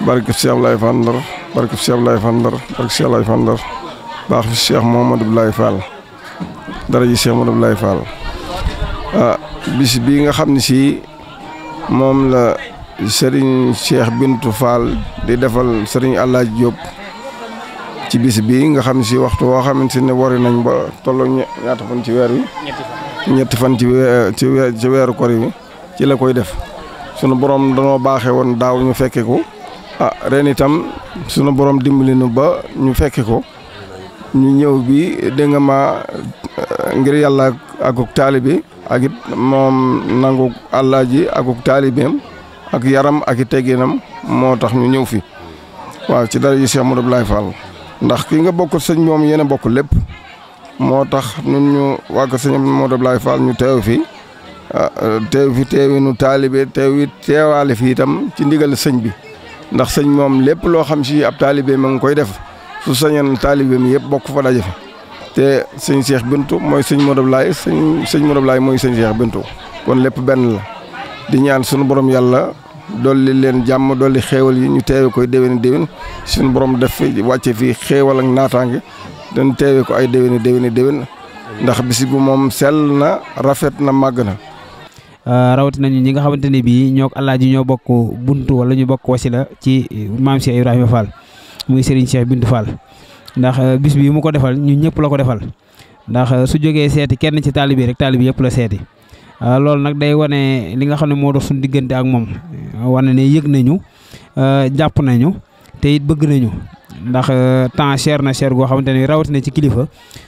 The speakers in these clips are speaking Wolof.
barke Cheikh Ablaye Fall Ndar barke Cheikh Ablaye Fall Ndar barke Cheikh Ablaye Fall bax baax Cheikh Mouhamadou Ablaye Fall dara ji Cheikh Mouhamadou Ablaye Fall ah bis bi nga xamni ne si moom la Serigne Cheikh Bintou Fall di defal Serigne Alaaji Diop ci bis bi nga xamni si waxtu wo xamante ne wari nañ ba tolo ñaata fan ci wër wi ñetti fan ci ci ci wër ko ri ci la koy def sunu borom dañu baxé won daaw ñu fekke ko ah ren itam sunu borom dimbali nu ba ñu fekke ko ñu ñew bi de nga ma eh, ngir ak ak taalibi ak mom moom nangu àllaaji akuk talibem, ak yaram ak teggenam tegginam tax ñu ñew fi wa ci dara yi Cheikh Modou Blay Fall ndax ki nga bokk señ mom yene a bokk lépp moo tax ñun ñu wàgg señ Modou Blay Fall ñu tew fi ah, teew fi teewinu taalibe teew it fi tam ci ndigal señ bi ndax sëñ moom lépp loo xam si ab taalibe ma ngi koy def su sañoon taalibe mi yëpp bokk fa daje fa te sëñ Cheikh Bintu mooy sëñ Modou laay sëñ sëñ Modou Laye mooy sëñ Cheikh Bintu kon lépp benn la di ñaan sunu borom yàlla dolli leen jàmm dolli xéewal yi ñu teewe koy déwéni déwén sunu borom def fi wàcce fii xeewal ak naataange dañ teewe ko ay déwéni déwéni déwén ndax bisi bi moom sell na rafet na màgg na Euh, rawatina ñu ñi nga xamante ne bii ñoo alaaji ñoo bokk buntu wala ñu bokk wasila ci maam Cheikh Ibrahima Fall muy Serigne Cheikh Bintu Fall ndax euh, bis bi mu ko defal ñu ñëpp la ko defal ndax euh, su jógee seeti kenn ci taalibi rek taalibi yëpp la seeti loolu nag day wane li nga xam ne moo dox suñu diggante ak moom wane ne yëg nañu jàpp nañu te it bëgg nañu ndax temps cher na cher goo xamante ne rawatina ci kilifa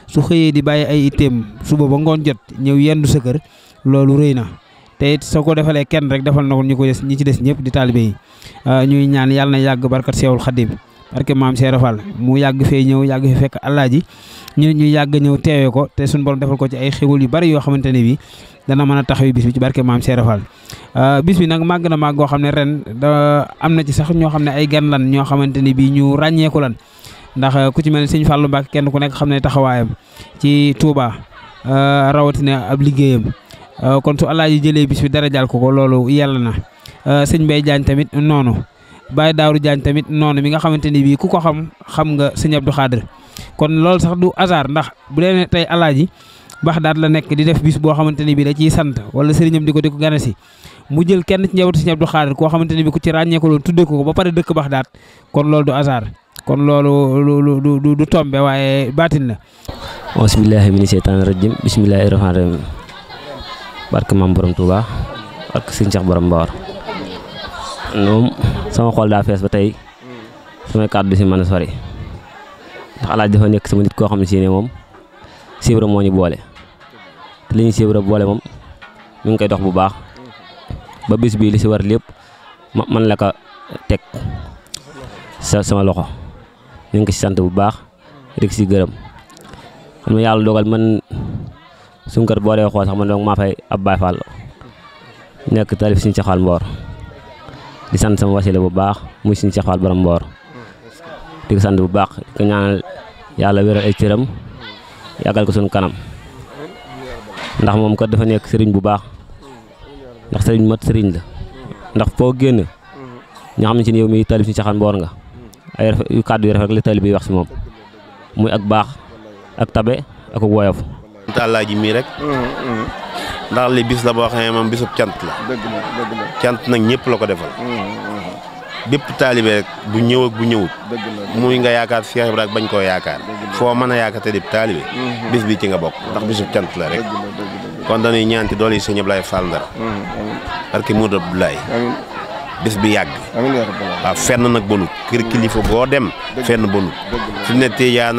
su xëyee di bàyyi ay itteem suba ba ngoon jot ñëw yendu sa kër loolu rëy na. te it soo ko defalee kenn rek defal na ko ñu ko des ñi ci des ñëpp di taalibe yi ah, ñuy ñaan yàlla na yàgg barkat Seexul Xadim barke maam Cheikh Rafal mu yàgg fee ñëw yàgg fee fekk alaaji ñu ñuy yàgg ñëw teewee ko te suñu borom defal ko ci ay xéwal yu bari yoo xamante ne bi dana mën a taxaw bis bi ci barke maam Cheikh Rafal ah, bis bi nag màgg na màgg goo xam ne ren da am na ci sax ñoo xam ne ay gan lan ñoo xamante ne bi ñu ràññeeku lan ndax ku ci mel ne Sëñ Fallou Mbacke kenn ku nekk xam ne taxawaayam ci Touba ah, rawatina ab liggéeyam Eh, kon su alaaji jele bis bi dara jaal ko ko lolu yalla na eh, seigne Mbaye Diagne tamit nono Baye Daaru Diagne tamit nono mi nga xamanteni bi ku ko xam xam nga seigne Abdou khader kon lolu sax du hasard ndax bu dee tay alaaji bax daat la nek di def bis bo xamanteni bi da ci sante wala seigne di diko diko ganasi mu jël kenn ci ñewatu seigne Abdou Khadre ko xamanteni bi ku ci ragne ko lon tuddé ko ba paré dekk bax daat kon lolu du hasard kon lolu du du du tombe waaye baatin la. bismillahirrahmanirrahim mina barke maam borom Touba ak sëñ Cheikh borom Mbaor moom sama xol daa fees ba tey samay kàddu di si mën a sori ndax alaaj dafa nekk sama nit koo xam ne si ne moom sibra moo ñu boole te li ñu sibra boole moom mi ngi koy dox bu baax ba bis bii li si war lépp ma man la ko teg sa sama loxo ñu ngi ko si sant bu baax rek si gërëm xam yàlla dogal man suñu kër boo dee xool sax man donc ma fay ab Baay Fall nek talif suñu caxaal mbor di sant sama wasile bu baax muy suñu caxaal borom mbor di ko sant bu baax di ko ñaanal yalla wéral ay ciiram yagal ko suñu kanam ndax mom ko dafa nek sëriñ bu baax ndax sëriñ mat sëriñ la ndax fo genn ñu xam ne ci yow mi talif suñu caxaal mbor nga ay yu kaddu rek li talib bi wax ci mom muy ak baax ak tabe ak woyof sant àllaaji mii rek. Mm, mm. ndax li bis la boo xam ne moom bisub cant la. dëgg la dëgg la cant nag ñëpp la ko defal. Mm, bépp taalibe bu ñëw ak bu ñëwut. muy nga yaakaar Cheikh bañ yaakaar. yaakaar di bis bi ci nga bokk ndax bisub cant la rek. kon dañuy ñaan ci doole yi Fall Ndar. parce que Moudou bis bi yàgg. Ya waaw fenn nag bonut kër kilifa goo dem. fenn bonut. fi ne Tijaan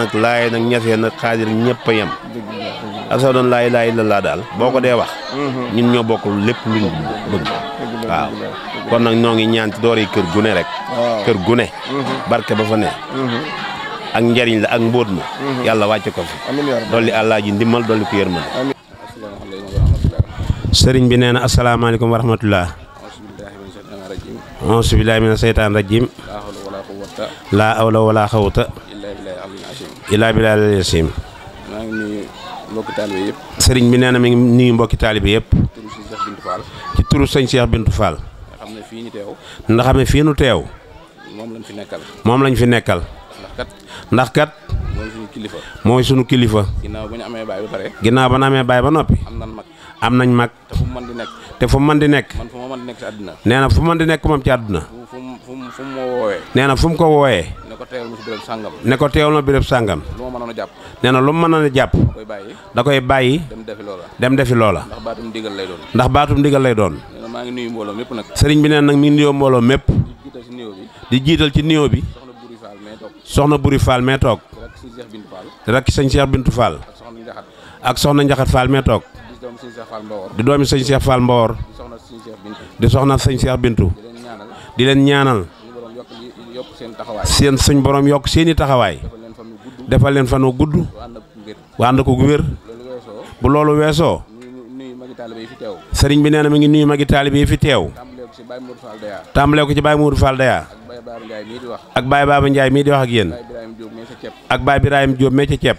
ashadu an laa la illallaah daal boo ko dee wax mhm. ñun ñoo bokk lépp luñ bëgg waaw kon nag ñoo ngi ñaan ci doori kër gune rek kër gune mhm. barke ba fa ne mhm. ak njariñ la ak mbóot ma yàlla wàcc ko fi dolli àllaa ji ndimbal dolli ko yërmal sëriñ bi nee na asalaamaaleykum wa rahmatullah auzu billaahi mina seytaan rajim laa hawla wala xawta illaa billaahi al-aliyyil aziim maa ngi nuyu sëriñ bi nee na mi ngi nuyu mbokki taalibe yëpp. ci turu sëñ Cheikh Bintou Fall. nga xam ne fii ñu teew. nga xam teew. moom lañ fi nekkal. moom lañ fi nekkal. ndax kat. ndax kat. mooy suñu kilifa. mooy suñu kilifa. ginnaaw ba ñu amee baay ba ginnaaw ba ñu amee baay ba noppi. am nañ mag. am nañ mag. te fu mu mën di nekk. te fu mu mën di nekk. man mën di nekk ci àdduna. nee mën di nekk moom ci àdduna. fu mu fu mu fu mu woowee. nee na fu mu ko woowee. teewal ma si béréb sàngam ne ko teewal ma béréb sàngam lu ma mënoon a jàpp na dem defi loola dem defi loola ndax baatum ndigal lay doon ndax baatum ndigal lay doon nee na ngi nuyu mbooloo mépp nag sëriñ bi nee nag mi ngi nuyoo mbooloo mépp di jiital ci nuyoo bi soxna Buri Fall Cheikh Bintu Fall ak soxna Njaxat Fall mee toog di doomi seigne Cheikh Fall mbor di soxna seigne Cheikh Bintu di len ñaanal seen suñ borom yok seen taxaway defal len fan wu gudd wa and ko guwer bu lolou weso serigne bi neena mi ngi nuyu magi taalibe fi tew tambale ko ci Baye Mourou Fall Daya ak Baye Baba Ndiaye mi di wax ak yeen ak Baye ibrahim Diop me ci ciep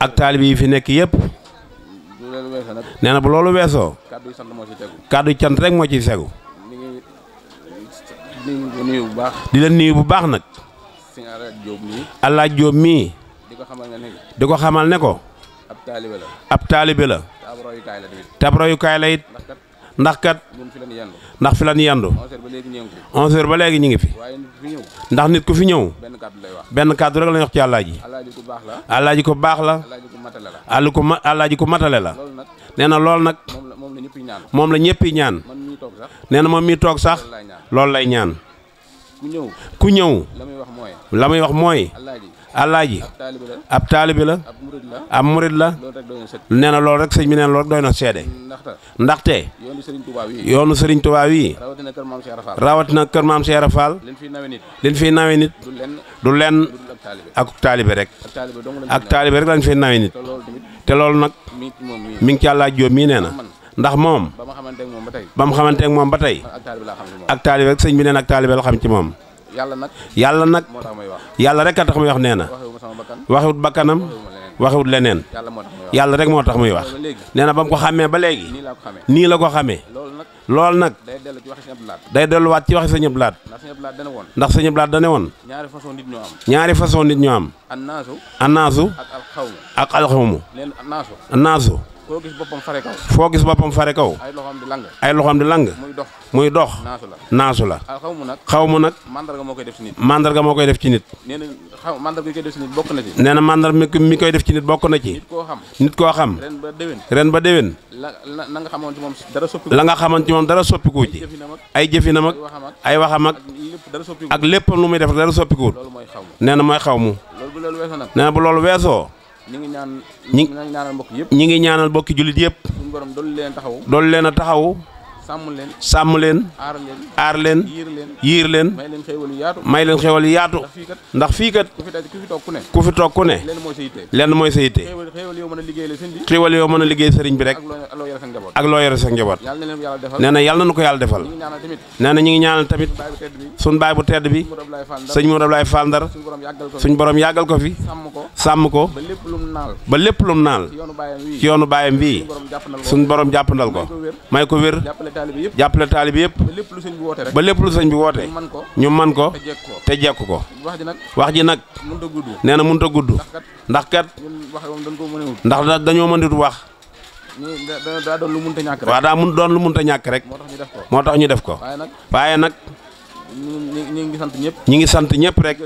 ak talibi yi fi nekk yëpp nee na bu ci teggu kaddu cant rek mo ci segu nuyu bu baax. di la nuyu bu baax nag. sëñ Alaaji Jóob mii. Alaaji mii. di ko xamal ne ko. di ko xamal ne ko. ab taalibe la. ab taalibe la. ab royukaay la tamit. tab royukaay la it. ndax kat. ñun fi ndax fi la ñu yendu. 11h ba léegi ñu ngi fi. ñu ngi fi. waaye ndax nit ku fi ñëw. benn kàddu lay wax. benn kàddu rek la ñu wax ci Alaaji. Alaaji ku baax la. Alaaji ku baax la. Alaaji ku matale la. Alaaji ku matale la. nee na loolu nag. moom la ñëpp moom la ñëpp ñaan. nee na moom mii toog sax loolu lay ñaan ku ñëw la muy wax mooy alaaji ab taalibi la ab murit la nee na loolu rek sëñ bi nee na loolu rek doy na seede ndaxte yoonu sëriñ Tuubaa wi rawatina kër maam Cheikh Fall liñ fiy nawe nit du lenn ak taalibi rek ak taalibi rek lañ fiy nawe nit te loolu nag mi ngi ci àllaaj joo mii nee na ndax moom ba mu xamanteeg moom ba tey ba mu xamanteeg moom ba tey ak taalibe rek sëñ bi neen ak taalibe la xam ci moom yàlla nag yàlla nag yàlla rek a tax muy wax nee na waxewut bakkanam waxewut leneen yàlla rek moo tax muy wax nee na ba mu ko xàmmee ba léegi nii la ko xàmmee loolu nag day delluwaat ci waxi sëñ Ablaat ndax sëñ Ablaat da ne woon ñaari façon nit ñu am ñaari façon nit ñoo am annaasu ak alxawmu ak alxawmu annaasu Fokus gis bopam faré kaw. ay loxam di lang. ay di lang. muy dox muy dox. naasu ah, mandarga mo koy def ci nit. mandarga mo koy def ci nit. nee mandar mi koy def ci nit na ci. ren ba dewen ren ba déwén. la nga xamoon mom dara soppi ko ci ay dara soppiku mak ay waxam ak. ak lu muy def dara soppi ko moy xawmu ñu ngi ñaan ñu ngi ñaanal mbokk yëpp. ngi ñaanal mbokki jullit yëpp. suñu borom dool leen taxaw. dool leen a taxaw. sàmm leen sàmm leen aar leen yiir leen may leen xéwal yu yaatu ndax fii kat ku fi toog ku ne lenn mooy sa yitte xéwal yoo mën a liggéey sëriñ bi rek ak loo yore sa njaboot nee na yàlla na nu ko yàlla defal nee na ñu ngi ñaanal tamit suñ baay bu tedd bi sëñ Modou Abdoulaye Fall Ndar suñ borom yàggal ko fi sàmm ko ba lépp lum naal ci yoonu baayam bii suñ borom jàppandal ko may ko wér taalibe yëpp jàppale taalibe yëpp ba lépp lu señ bi woté rek ñu man ko té jekk ko wax ji nak néna mën ta guddu ndax kat ndax da dañoo mënut wax daa da lu mënta ñàkk rek waaw daa mun doon lu mënta ñak rek motax ñu def ko waaye nak ñi ngi sant ñëpp ñi ngi sant ñëpp rek